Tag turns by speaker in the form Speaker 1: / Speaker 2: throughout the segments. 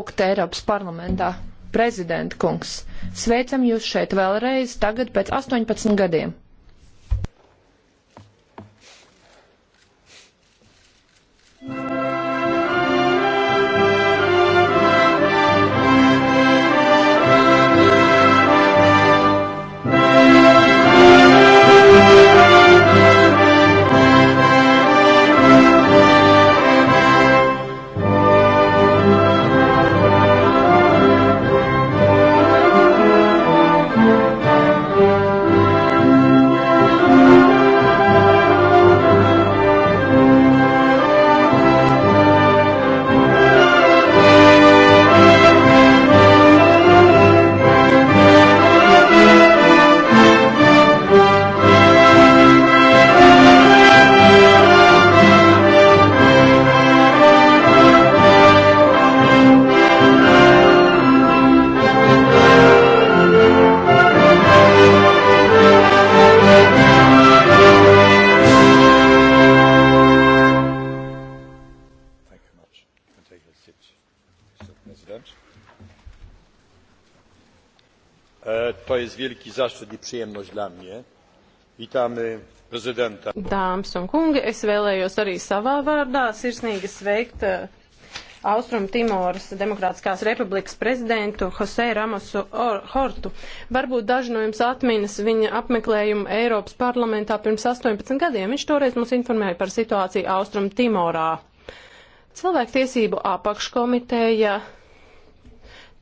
Speaker 1: lūgt Eiropas parlamentā. Prezidenta kungs, sveicam jūs šeit vēlreiz tagad pēc 18 gadiem. zaszczyt i przyjemność dla mnie. Witamy prezydenta.
Speaker 2: Dāmas un kungi, es vēlējos arī savā vārdā sirsnīgi sveikt eh, Austrum Timoras Demokrātiskās republikas prezidentu Jose Ramosu Hortu. Varbūt daži no jums atminas viņa apmeklējumu Eiropas parlamentā pirms 18 gadiem. Viņš toreiz mums informēja par situāciju Austrum Timorā. Cilvēktiesību apakškomiteja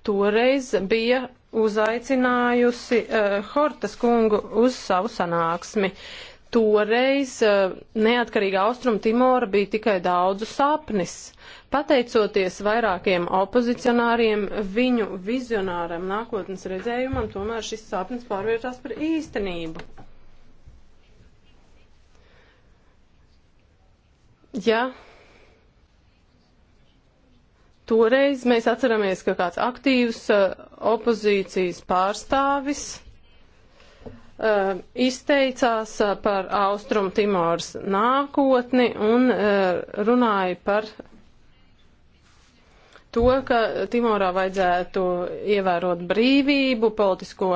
Speaker 2: toreiz bija uzaicinājusi uh, Hortas kungu uz savu sanāksmi. Toreiz uh, neatkarīga Austrum Timora bija tikai daudzu sapnis. Pateicoties vairākiem opozicionāriem, viņu vizionāram nākotnes redzējumam, tomēr šis sapnis pārvērtās par īstenību. Ja toreiz mēs atceramies, ka kāds aktīvs uh, opozīcijas pārstāvis uh, izteicās uh, par Austrum Timors nākotni un runāja par to, ka Timorā vajadzētu ievērot brīvību, politisko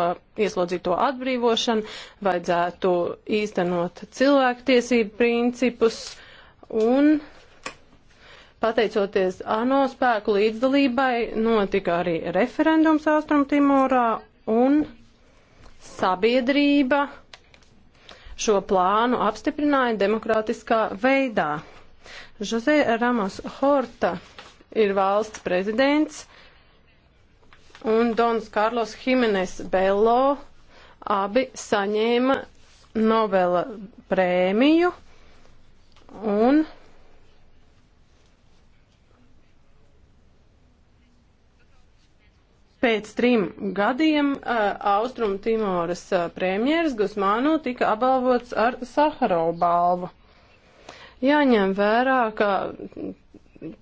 Speaker 2: ieslodzīto atbrīvošanu, vajadzētu īstenot cilvēktiesību principus un uh, Pateicoties ANO spēku līdzdalībai, notika arī referendums Austrumtimorā un sabiedrība šo plānu apstiprināja demokrātiskā veidā. Jose Ramos Horta ir valsts prezidents un Dons Karlos Jimenez Bello abi saņēma Nobela prēmiju un Pēc trim gadiem uh, Austrum Timoras uh, premjeras Gusmānu tika apbalvots ar Saharov balvu. Jāņem vērā, ka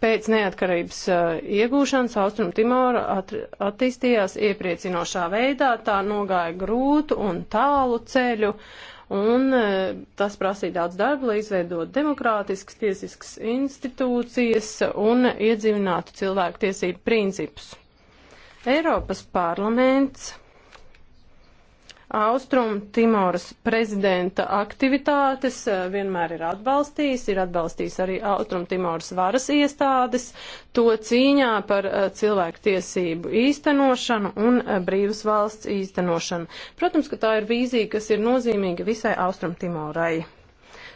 Speaker 2: pēc neatkarības uh, iegūšanas Austrum Timora at attīstījās iepriecinošā veidā, tā nogāja grūtu un tālu ceļu, un uh, tas prasīja daudz darba, lai izveidot demokrātiskas tiesiskas institūcijas un iedzīvinātu cilvēku tiesību principus. Eiropas parlaments Austrum Timoras prezidenta aktivitātes eh, vienmēr ir atbalstījis, ir atbalstījis arī Austrum Timoras varas iestādes to cīņā par eh, cilvēku tiesību īstenošanu un eh, brīvas valsts īstenošanu. Protams, ka tā ir vīzija, kas ir nozīmīga visai Austrum Timorai.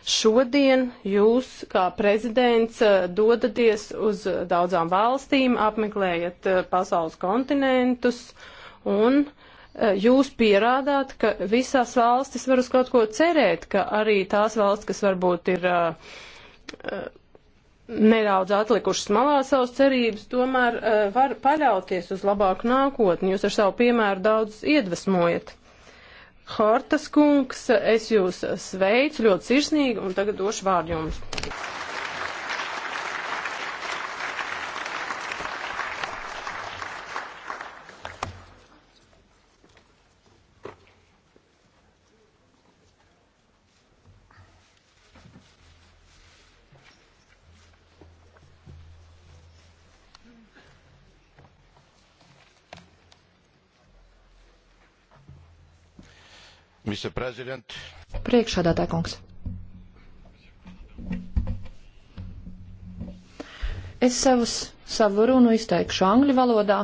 Speaker 2: Šodien jūs, kā prezidents, eh, dodaties uz daudzām valstīm, apmeklējat eh, pasaules kontinentus un eh, jūs pierādāt, ka visās valstis var uz kaut ko cerēt, ka arī tās valsts, kas varbūt ir nedaudz atlikušas malā savas cerības, tomēr uh, var paļauties uz labāku nākotni. Jūs ar savu piemēru daudz iedvesmojat. Hortas kungs, es jūs sveicu ļoti sirsnīgi un tagad došu vārdu jums.
Speaker 1: Priekšādātā kungs. Es savus, savu runu izteikšu angļu valodā,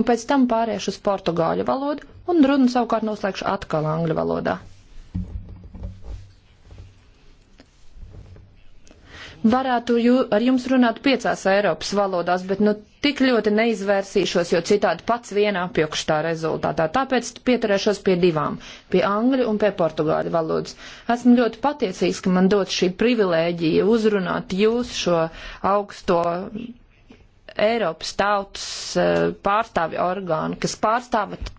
Speaker 1: un pēc tam pāriešu uz portugāļu valodu, un runu savukārt noslēgšu atkal angļu valodā. varētu jū, ar jums runāt piecās Eiropas valodās, bet nu tik ļoti neizvērsīšos, jo citādi pats vienā pjokštā rezultātā. Tāpēc pieturēšos pie divām - pie angļu un pie portugāļu valodas. Esmu ļoti pateicīgs, ka man dot šī privilēģija uzrunāt jūs šo augsto Eiropas tautas eh, pārstāvi orgānu, kas pārstāvat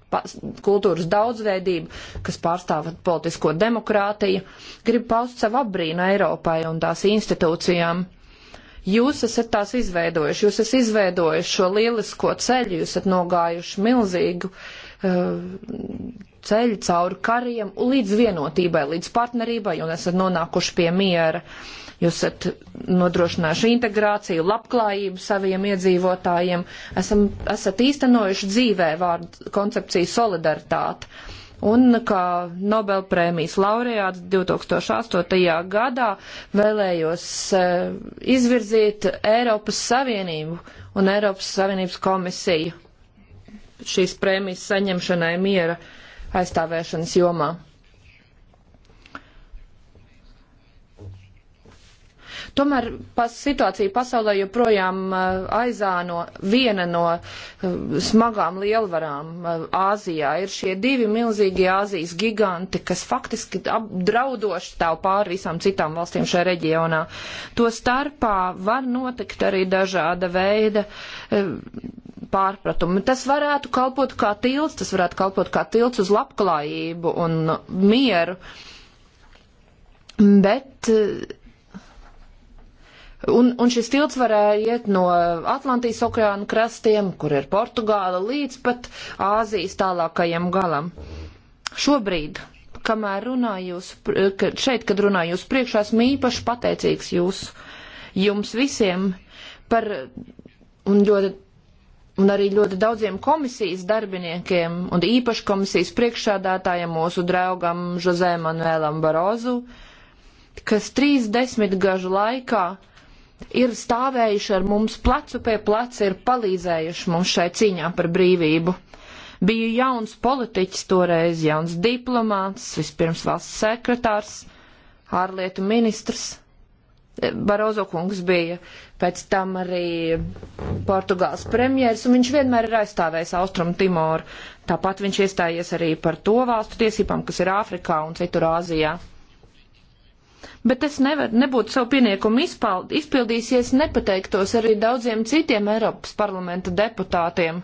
Speaker 1: kultūras daudzveidību, kas pārstāv politisko demokrātiju. Gribu paust savu apbrīnu Eiropai un tās institūcijām. Jūs esat tās izveidojuši, jūs esat izveidojuši šo lielisko ceļu, jūs esat nogājuši milzīgu eh, ceļu cauri kariem līdz vienotībai, līdz partnerībai un esat nonākuši pie miera. Uh, Jūs esat nodrošinājuši integrāciju, labklājību saviem iedzīvotājiem, esam, esat īstenojuši dzīvē vārdu koncepciju solidaritāte. Un kā Nobelprēmijas laureāts 2008. gadā vēlējos e, izvirzīt Eiropas Savienību un Eiropas Savienības komisiju šīs prēmijas saņemšanai miera aizstāvēšanas jomā. Tomēr pas, situācija pasaulē joprojām uh, aizāno viena no uh, smagām lielvarām uh, Āzijā. Ir šie divi milzīgie Āzijas giganti, kas faktiski draudoši stāv pāri visām citām valstīm šajā reģionā. To starpā var notikt arī dažāda veida pārpratumi. Tas varētu kalpot kā tilts, tas varētu kalpot kā tilts uz labklājību un mieru. Bet Un, un šis tilts varēja iet no Atlantijas okeāna krastiem, kur ir Portugāla, līdz pat Āzijas tālākajam galam. Šobrīd, kamēr runāju jūs, šeit, kad runāju jūs priekšā, esmu īpaši pateicīgs jūs, jums visiem par un ļoti un arī ļoti daudziem komisijas darbiniekiem un īpaši komisijas priekšsādātājiem mūsu draugam Žozē Manuēlam Barozu, kas trīs desmitgažu laikā ir stāvējuši ar mums plecu pie pleca, ir palīdzējuši mums šai cīņā par brīvību. Biju jauns politiķis toreiz, jauns diplomāts, vispirms valsts sekretārs, ārlietu ministrs. E, Barozo kungs bija pēc tam arī Portugāles premjers, un viņš vienmēr ir aizstāvējis Austrumu Timoru. Tāpat viņš iestājies arī par to valstu tiesībām, kas ir Āfrikā un citur Āzijā bet es nevar, nebūtu savu pieniekumu izpald, izpildījis, ja es nepateiktos arī daudziem citiem Eiropas parlamenta deputātiem.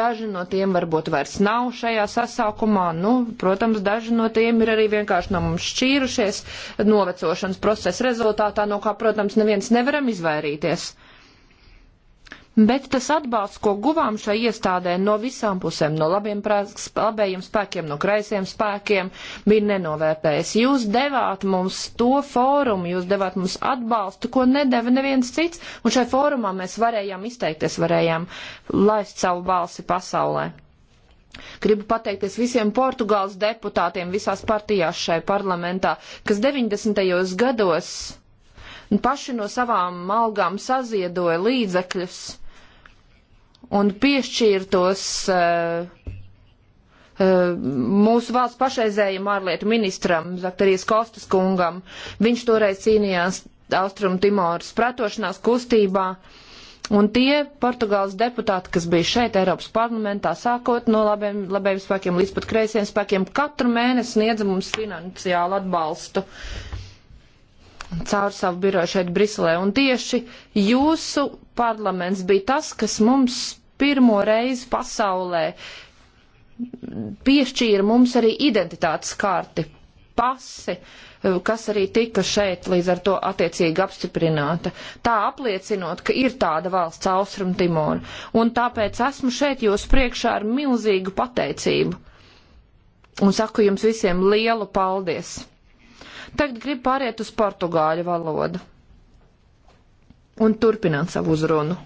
Speaker 1: Daži no tiem varbūt vairs nav šajā sasaukumā, nu, protams, daži no tiem ir arī vienkārši no mums šķīrušies novecošanas procesa rezultātā, no kā, protams, neviens nevaram izvairīties. Uh, bet tas atbalsts, ko guvām šai iestādē no visām pusēm, no labiem, prāks, labējiem spēkiem, no kreisiem spēkiem, bija nenovērtējis. Jūs devāt mums to fórumu, jūs devāt mums atbalstu, ko nedeva neviens cits, un šai fórumā mēs varējām izteikties, varējām laist savu balsi pasaulē. Gribu pateikties visiem Portugāles deputātiem visās partijās šai parlamentā, kas 90. gados paši no savām algām saziedoja līdzekļus un piešķirtos uh, mūsu valsts pašreizējiem ārlietu ministram, Zaktarijas Kostas kungam. Viņš toreiz cīnījās Austrum Timoras pratošanās kustībā. Un tie Portugāles deputāti, kas bija šeit Eiropas parlamentā, sākot no labiem, labiem spēkiem līdz pat kreisiem spēkiem, katru mēnesi sniedza mums finansiālu atbalstu caur savu biroju šeit Briselē. Un tieši jūsu parlaments bija tas, kas mums pirmo reizi pasaulē piešķīra mums arī identitātes karti, pasi, kas arī tika šeit līdz ar to attiecīgi apstiprināta. Tā apliecinot, ka ir tāda valsts Austrum Timona. Un tāpēc esmu šeit jūs priekšā ar milzīgu pateicību. Un saku jums visiem lielu paldies. Tagad gribu pāriet uz portugāļu valodu. Un turpināt savu uzrunu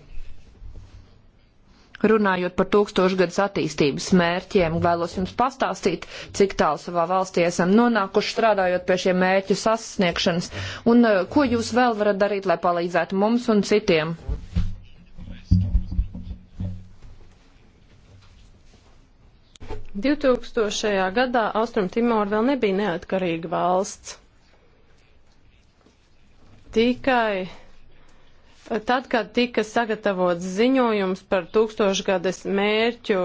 Speaker 1: runājot par tūkstošgadus attīstības mērķiem, vēlos jums pastāstīt, cik tālu savā valstī esam nonākuši strādājot pie šiem mērķu sasniegšanas un eh, ko jūs vēl varat darīt, lai palīdzētu mums un citiem.
Speaker 2: Divtūkstošajā gadā Austrum Timor vēl nebija neatkarīga valsts. Tikai Tad, kad tika sagatavots ziņojums par tūkstošgades mērķu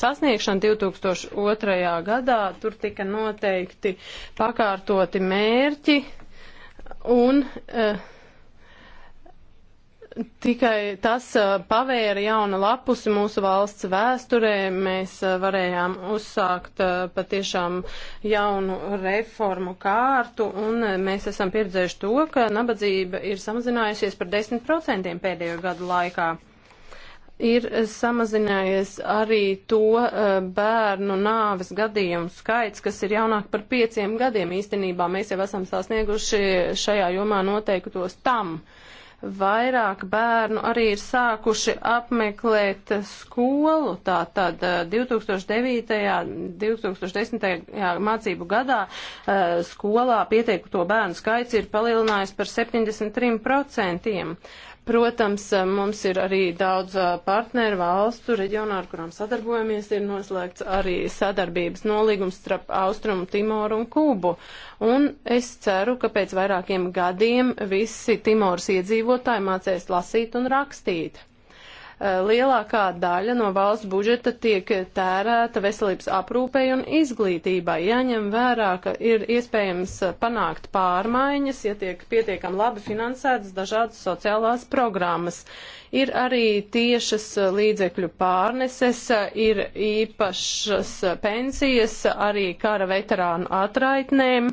Speaker 2: sasniegšanu 2002. gadā, tur tika noteikti pakārtoti mērķi un uh, Tikai tas uh, pavēra jaunu lapusi mūsu valsts vēsturē. Mēs uh, varējām uzsākt uh, patiešām jaunu reformu kārtu, un mēs esam pieredzējuši to, ka nabadzība ir samazinājusies par 10% pēdējo gadu laikā. Ir samazinājies arī to bērnu nāves gadījumu skaits, kas ir jaunāk par pieciem gadiem. Īstenībā mēs jau esam sasnieguši šajā jomā noteiktos tam. Uh, vairāk bērnu arī ir sākuši apmeklēt skolu. Tātad 2009. Eh, 2010. mācību gadā eh, skolā pieteikto bērnu skaits ir palielinājies par 73%. Protams, eh, mums ir arī daudz eh, partneru valstu reģionā, ar kurām sadarbojamies, ir noslēgts arī sadarbības nolīgums starp Austrumu, Timoru un Kūbu. Un es ceru, ka pēc vairākiem gadiem visi Timoras iedzīvotāji mācēs lasīt un rakstīt. Eh, lielākā daļa no valsts budžeta tiek tērēta veselības aprūpei un izglītībai. Jāņem vērā, ka ir iespējams panākt pārmaiņas, ja tiek pietiekam labi finansētas dažādas sociālās programmas. Ir arī tiešas līdzekļu pārneses, ir īpašas pensijas arī kara veterānu atraitnēm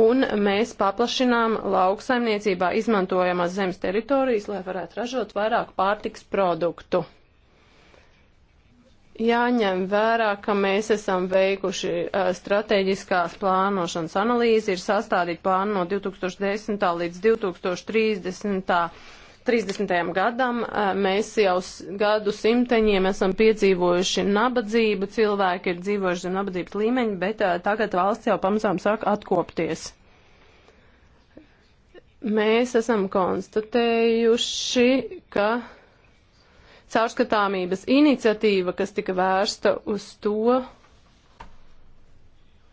Speaker 2: un mēs paplašinām lauksaimniecībā izmantojamās zemes teritorijas, lai varētu ražot vairāk pārtiks produktu. Jāņem vērā, ka mēs esam veikuši uh, strateģiskās plānošanas analīzi, ir sastādīta plāna no 2010. līdz 2030 30. gadam. Eh, mēs jau gadu simteņiem esam piedzīvojuši nabadzību, cilvēki ir dzīvojuši zem nabadzības līmeņa, bet eh, tagad valsts jau pamazām sāk atkopties. Mēs esam konstatējuši, ka caurskatāmības iniciatīva, kas tika vērsta uz to,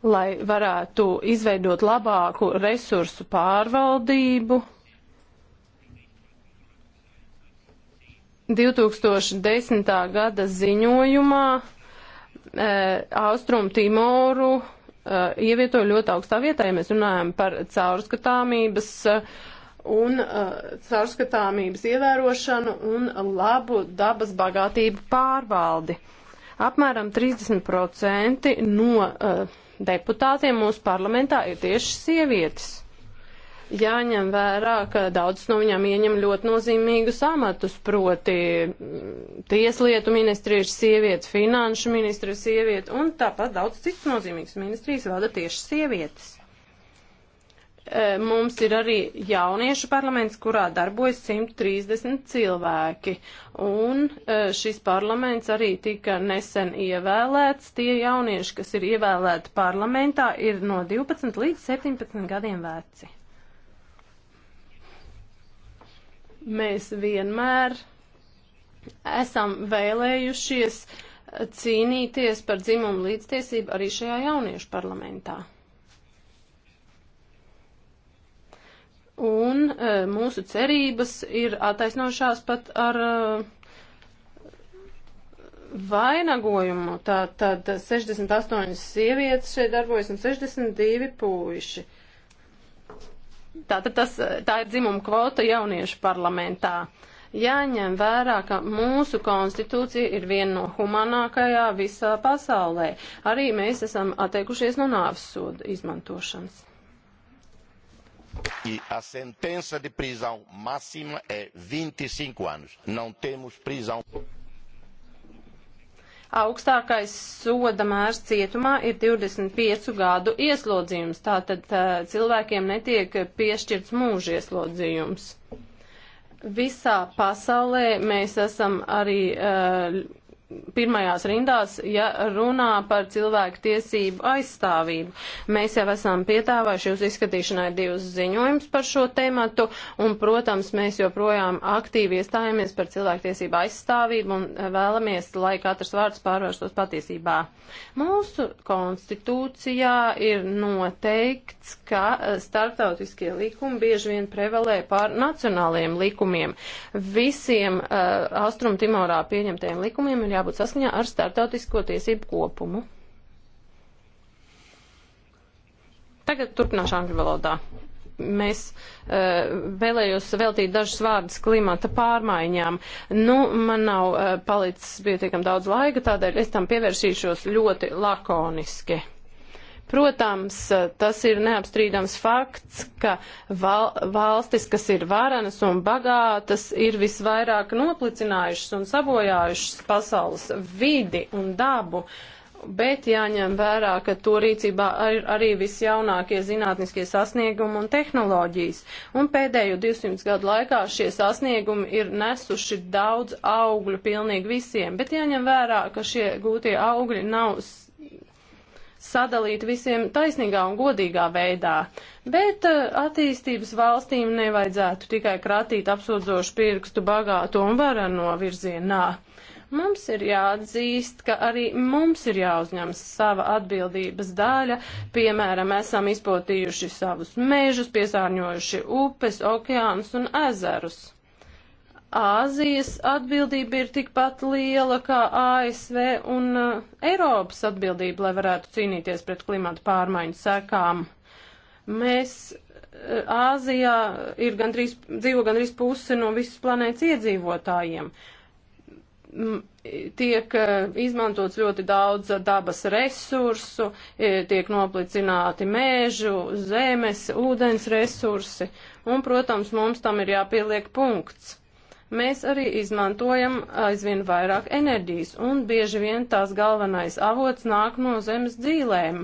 Speaker 2: lai varētu izveidot labāku resursu pārvaldību, 2010. gada ziņojumā eh, Austrum Timoru eh, ievietoja ļoti augstā vietā, ja mēs runājam par caurskatāmības eh, un caurskatāmības ievērošanu un labu dabas bagātību pārvaldi. Apmēram 30% no deputātiem mūsu parlamentā ir tieši sievietes jāņem vērā, ka daudz no viņām ieņem ļoti nozīmīgus amatus, proti mm, tieslietu ministri ir sievietes, finanšu ministri ir sieviete, un tāpat daudz citas nozīmīgas ministrijas vada tieši sievietes. E, mums ir arī jauniešu parlaments, kurā darbojas 130 cilvēki, un e, šis parlaments arī tika nesen ievēlēts. Tie jaunieši, kas ir ievēlēti parlamentā, ir no 12 līdz 17 gadiem veci. Mēs vienmēr esam vēlējušies cīnīties par dzimumu līdztiesību arī šajā jauniešu parlamentā. Un e, mūsu cerības ir attaisnojušās pat ar e, vainagojumu. Tā tad 68 sievietes šeit darbojas un 62 puiši. E, Tātad tas, tā ir dzimuma kvota jauniešu parlamentā. Jāņem vērā, ka mūsu konstitūcija ir viena no humanākajā visā pasaulē. Arī mēs esam atteikušies no nāves soda izmantošanas.
Speaker 1: E a sentença de prisão máxima é 25 e anos. Não temos prisão.
Speaker 2: Augstākais soda mērs cietumā ir 25 gadu ieslodzījums, tātad cilvēkiem netiek piešķirts mūža ieslodzījums. Visā pasaulē mēs esam arī pirmajās rindās, ja runā par cilvēku tiesību aizstāvību. Mēs jau esam pietāvājuši uz izskatīšanai divus ziņojumus par šo tēmatu, un, protams, mēs joprojām aktīvi iestājamies par cilvēku tiesību aizstāvību un vēlamies, lai katrs vārds pārvērstos patiesībā. Mūsu konstitūcijā ir noteikts, ka starptautiskie likumi bieži vien prevalē pār nacionāliem likumiem. Visiem uh, Austrum Timorā pieņemtajiem likumiem ir jā jābūt saskaņā ar starptautisko tiesību kopumu. Tagad turpināšu angļu valodā. Mēs uh, vēlējos veltīt dažus vārdus klimata pārmaiņām. Nu, man nav uh, palicis pietiekam daudz laika, tādēļ es tam pievēršīšos ļoti lakoniski. Uh, Protams, eh, tas ir neapstrīdams fakts, ka val, valstis, kas ir varenas un bagātas, ir visvairāk noplicinājušas un sabojājušas pasaules vidi un dabu. Bet jāņem vērā, ka to rīcībā ir arī visjaunākie zinātniskie sasniegumi un tehnoloģijas. Un pēdējo 200 gadu laikā šie sasniegumi ir nesuši daudz augļu pilnīgi visiem. Bet jāņem vērā, ka šie gūtie augļi nav sadalīt visiem taisnīgā un godīgā veidā. Bet eh, attīstības valstīm nevajadzētu tikai kratīt apsūdzošu pirkstu bagāto un varano virzienā. Mums ir jāatzīst, ka arī mums ir jāuzņemas sava atbildības daļa, piemēram, esam izpotījuši savus mežus, piesārņojuši upes, okeānus un ezerus. Āzijas atbildība ir tikpat liela kā ASV un uh, Eiropas atbildība, lai varētu cīnīties pret klimatu pārmaiņu sekām. Mēs uh, Āzijā ir gandrīz, dzīvo gandrīz puse no visas planētas iedzīvotājiem. Tiek uh, izmantots ļoti daudz dabas resursu, e, tiek noplicināti mēžu, zemes, ūdens resursi, un, protams, mums tam ir jāpieliek punkts. Mēs arī izmantojam aizvien vairāk enerģijas, un bieži vien tās galvenais avots nāk no zemes dzīlēm.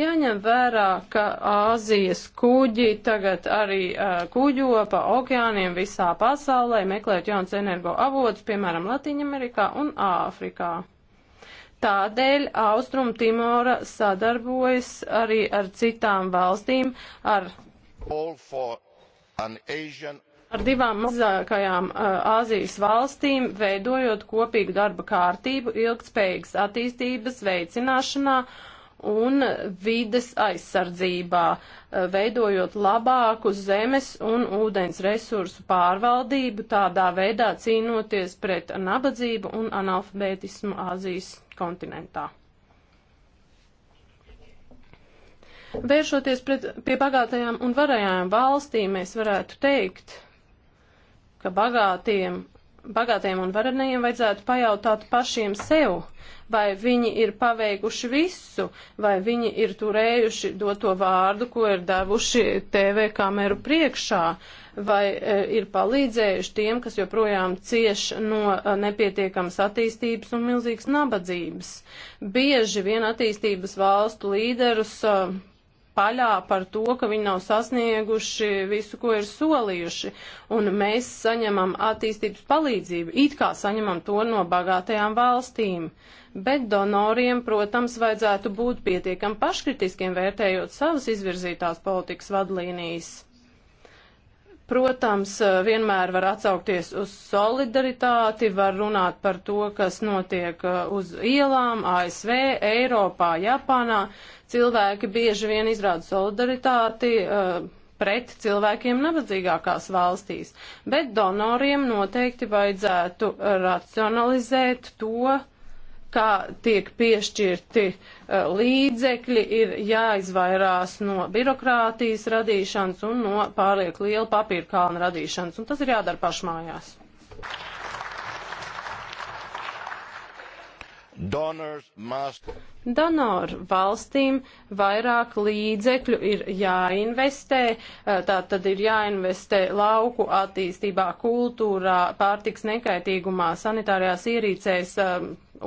Speaker 2: Jāņem vērā, ka Āzijas kuģi tagad arī uh, kuģo pa okeāniem visā pasaulē, meklēt jauns energo avotus, piemēram, Latīņamerikā un Āfrikā. Tādēļ Austrum Timora sadarbojas arī ar citām valstīm, ar ar divām mazākajām uh, Āzijas valstīm, veidojot kopīgu darba kārtību ilgtspējīgas attīstības veicināšanā un vides aizsardzībā, uh, veidojot labāku zemes un ūdens resursu pārvaldību, tādā veidā cīnoties pret nabadzību un analfabētismu Āzijas kontinentā. Vēršoties pret, pie bagātajām un varējām valstīm, mēs varētu teikt, ka bagātiem, bagātiem un varenajiem vajadzētu pajautāt pašiem sev, vai viņi ir paveikuši visu, vai viņi ir turējuši doto vārdu, ko ir devuši TV kameru priekšā, vai e, ir palīdzējuši tiem, kas joprojām cieš no e, nepietiekamas attīstības un milzīgas nabadzības. Bieži vien attīstības valstu līderus. E, paļā par to, ka viņi nav sasnieguši visu, ko ir solījuši, un mēs saņemam attīstības palīdzību, it kā saņemam to no bagātajām valstīm. Bet donoriem, protams, vajadzētu būt pietiekam paškritiskiem, vērtējot savas izvirzītās politikas vadlīnijas. Protams, eh, vienmēr var atsaukties uz solidaritāti, var runāt par to, kas notiek eh, uz ielām ASV, Eiropā, Japānā. Cilvēki bieži vien izrāda solidaritāti eh, pret cilvēkiem nabadzīgākās valstīs, bet donoriem noteikti vajadzētu racionalizēt to, kā tiek piešķirti uh, līdzekļi, ir jāizvairās no birokrātijas radīšanas un no pārlieku liela papīra kalna radīšanas, un tas ir jādara pašmājās. Must... Donoru valstīm vairāk līdzekļu ir jāinvestē, tā tad ir jāinvestē lauku attīstībā, kultūrā, pārtiks nekaitīgumā, sanitārijās ierīcēs,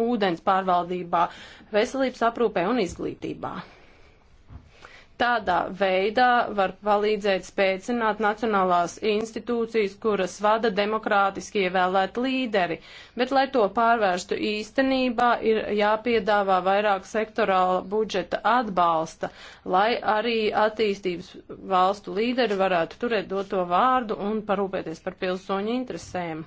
Speaker 2: ūdens pārvaldībā, veselības aprūpē un izglītībā. Tādā veidā var palīdzēt spēcināt nacionālās institūcijas, kuras vada demokrātiski ievēlēt līderi, bet, lai to pārvērstu īstenībā, ir jāpiedāvā vairāk sektorāla budžeta atbalsta, lai arī attīstības valstu līderi varētu turēt doto vārdu un parūpēties par pilsoņu interesēm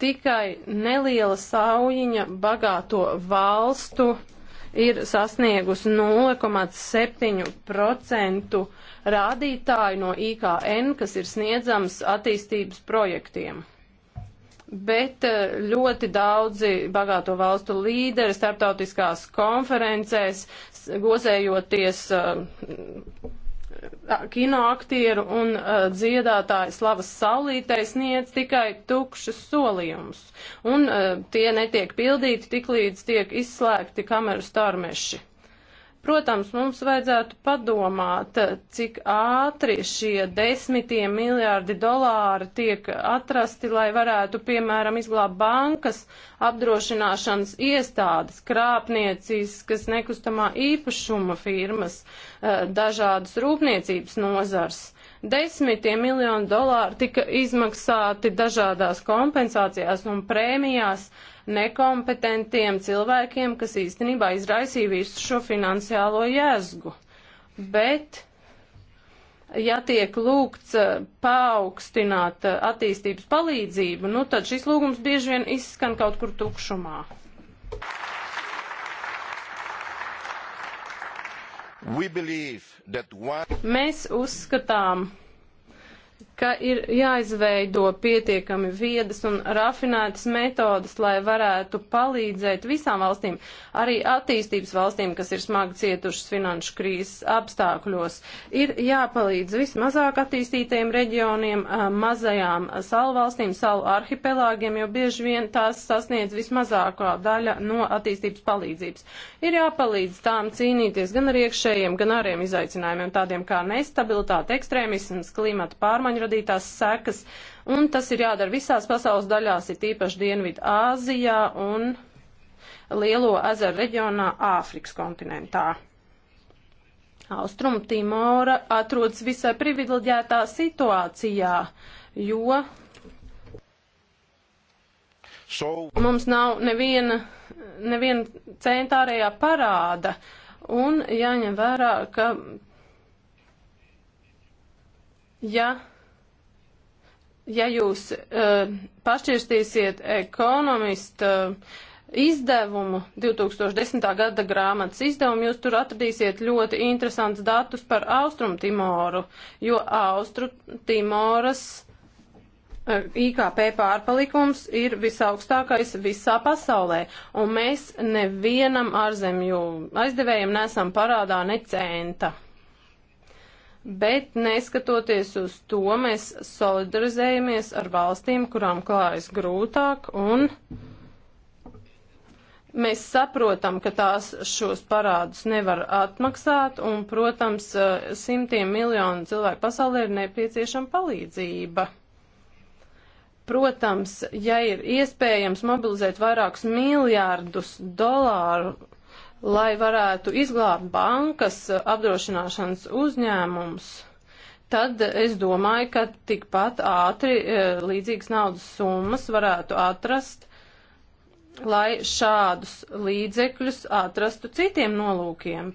Speaker 2: tikai neliela saujiņa bagāto valstu ir sasniegusi 0,7% rādītāju no IKN, kas ir sniedzams attīstības projektiem. Bet eh, ļoti daudzi bagāto valstu līderi starptautiskās konferencēs, gozējoties eh, kinoaktieru un uh, dziedātāju slavas saulītei sniedz tikai tukšas solījumus, un uh, tie netiek pildīti tik līdz tiek izslēgti kameru starmeši. Protams, mums vajadzētu padomāt, cik ātri šie desmitie miljārdi dolāri tiek atrasti, lai varētu, piemēram, izglābt bankas, apdrošināšanas iestādes, krāpnieciskas nekustamā īpašuma firmas, eh, dažādas rūpniecības nozars. Desmitie miljoni dolāri tika izmaksāti dažādās kompensācijās un prēmijās. Uh, nekompetentiem cilvēkiem, kas īstenībā izraisīja visu šo finansiālo jēzgu. Bet, ja tiek lūgts eh, paaugstināt eh, attīstības palīdzību, nu tad šis lūgums bieži vien izskan kaut kur tukšumā.
Speaker 1: One...
Speaker 2: Mēs uzskatām, ka ir jāizveido pietiekami viedas un rafinētas metodas, lai varētu palīdzēt visām valstīm, arī attīstības valstīm, kas ir smagi cietušas finanšu krīzes apstākļos. Ir jāpalīdz vismazāk attīstītajiem reģioniem, mazajām salu valstīm, salu arhipelāgiem, jo bieži vien tās sasniedz vismazākā daļa no attīstības palīdzības. Ir jāpalīdz tām cīnīties gan ar iekšējiem, gan ārējiem izaicinājumiem, tādiem kā nestabilitāte, ekstrēmisms, klimata pārmaiņu radītās sekas. Un tas ir jādara visās pasaules daļās, ir tīpaši Dienvidu Āzijā un Lielo ezeru reģionā Āfrikas kontinentā. Austrum Timora atrodas visai privileģētā situācijā, jo So... Mums nav neviena, neviena centārējā parāda, un jāņem vērā, ka, ja ja jūs uh, pašķirstīsiet ekonomistu uh, e, izdevumu, 2010. gada grāmatas izdevumu, jūs tur atradīsiet ļoti interesants datus par Austrumtimoru, jo Austrumtimoras uh, e, IKP pārpalikums ir visaugstākais visā pasaulē, un mēs nevienam ārzemju aizdevējiem nesam parādā ne centa. Bet neskatoties uz to, mēs solidarizējamies ar valstīm, kurām klājas grūtāk, un mēs saprotam, ka tās šos parādus nevar atmaksāt, un, protams, simtiem miljonu cilvēku pasaulē ir nepieciešama palīdzība. Protams, ja ir iespējams mobilizēt vairākus miljārdus dolāru lai varētu izglābt bankas eh, apdrošināšanas uzņēmumus, tad es domāju, ka tikpat ātri eh, līdzīgas naudas summas varētu atrast, lai šādus līdzekļus atrastu citiem nolūkiem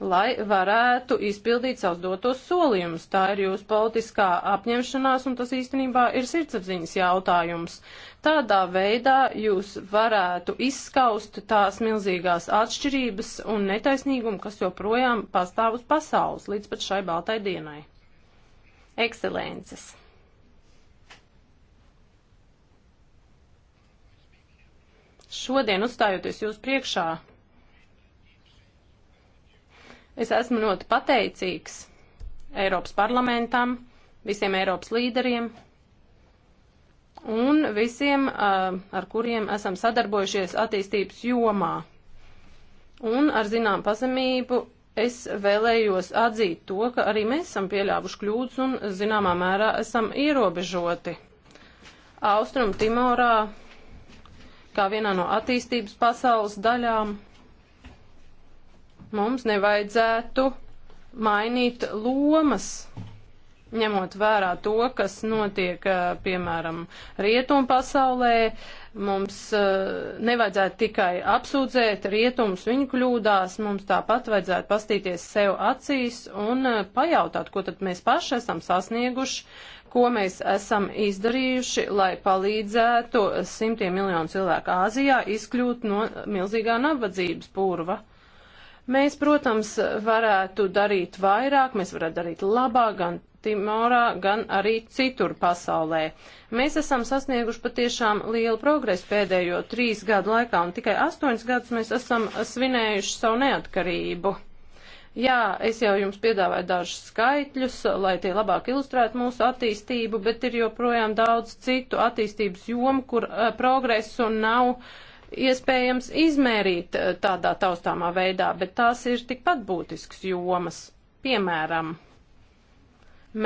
Speaker 2: lai varētu izpildīt savus dotos solījumus. Tā ir jūsu politiskā apņemšanās, un tas īstenībā ir sirdsapziņas jautājums. Tādā veidā jūs varētu izskaust tās milzīgās atšķirības un netaisnīgumu, kas joprojām pastāv uz pasaules līdz pat šai baltai dienai. Ekscelences! Šodien uzstājoties jūs priekšā, Es esmu ļoti pateicīgs Eiropas parlamentam, visiem Eiropas līderiem un visiem, eh, ar kuriem esam sadarbojušies attīstības jomā. Un ar zinām pazemību es vēlējos atzīt to, ka arī mēs esam pieļāvuši kļūdas un zināmā mērā esam ierobežoti. Austrum Timorā, kā vienā no attīstības pasaules daļām, Mums nevajadzētu mainīt lomas ņemot vērā to, kas notiek, eh, piemēram, rietumu pasaulē, mums eh, nevajadzētu tikai apsūdzēt rietumus viņu kļūdās, mums tāpat vajadzētu pastīties sev acīs un eh, pajautāt, ko tad mēs paši esam sasnieguši, ko mēs esam izdarījuši, lai palīdzētu simtiem miljonu cilvēku Āzijā izkļūt no milzīgā nabadzības purva. Mēs, protams, varētu darīt vairāk, mēs varētu darīt labāk gan Timorā, gan arī citur pasaulē. Mēs esam sasnieguši patiešām lielu progresu pēdējo trīs gadu laikā, un tikai astoņus gadus mēs esam svinējuši savu neatkarību. Jā, es jau jums piedāvāju dažus skaitļus, lai tie labāk ilustrētu mūsu attīstību, bet ir joprojām daudz citu attīstības jomu, kur uh, eh, progresu nav uh, iespējams izmērīt eh, tādā taustāmā veidā, bet tās ir tikpat būtisks jomas. Piemēram,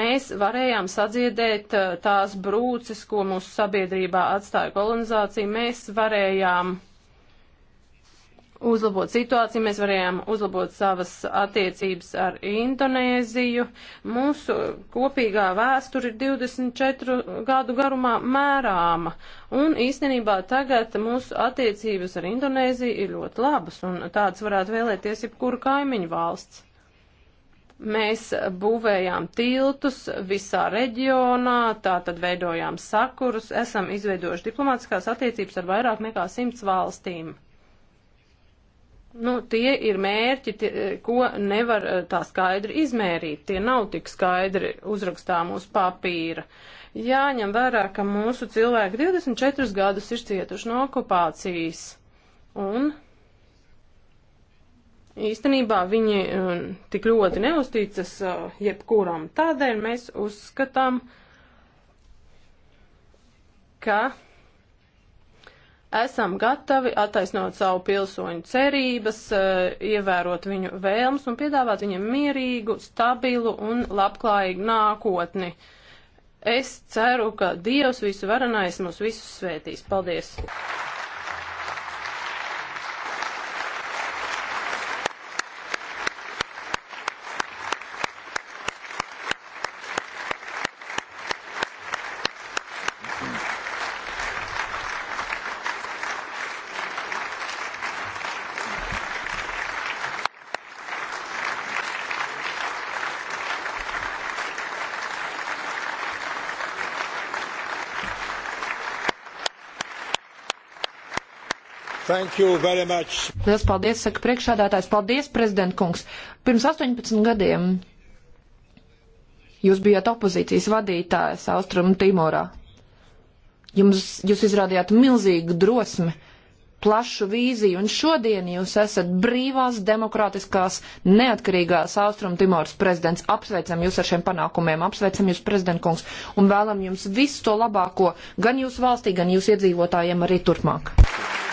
Speaker 2: mēs varējām sadziedēt eh, tās brūces, ko mūsu sabiedrībā atstāja kolonizācija, mēs varējām uzlabot situāciju, mēs varējām uzlabot savas attiecības ar Indonēziju. Mūsu kopīgā vēsture ir 24 gadu garumā mērāma, un īstenībā tagad mūsu attiecības ar Indonēziju ir ļoti labas, un tāds varētu vēlēties jebkura kaimiņu valsts. Mēs būvējām tiltus visā reģionā, tātad veidojām sakurus, esam izveidojuši diplomātiskās attiecības ar vairāk nekā simts valstīm. Nu, tie ir mērķi, tie, ko nevar eh, tā skaidri izmērīt. Tie nav tik skaidri uzrakstām uz papīra. Jāņem vērā, ka mūsu cilvēki 24 gadus ir cietuši no okupācijas. Un īstenībā viņi eh, tik ļoti neusticas eh, jebkuram. Tādēļ mēs uzskatām, ka esam gatavi attaisnot savu pilsoņu cerības, eh, ievērot viņu vēlmes un piedāvāt viņiem mierīgu, stabilu un labklājīgu nākotni. Es ceru, ka Dievs visu varenais mūs visus svētīs. Paldies!
Speaker 1: Lielas paldies, saka priekšādātājs. Paldies, prezident kungs. Pirms 18 gadiem jūs bijāt opozīcijas vadītājs Austrum Timorā. Jums, jūs izrādījāt milzīgu drosmi, plašu vīziju, un šodien jūs esat brīvās, demokrātiskās, neatkarīgās Austrum Timoras prezidents. Apsveicam jūs ar šiem panākumiem, apsveicam jūs, prezident kungs, un vēlam jums visu to labāko gan jūsu valstī, gan jūsu iedzīvotājiem arī turpmāk. Aplausos.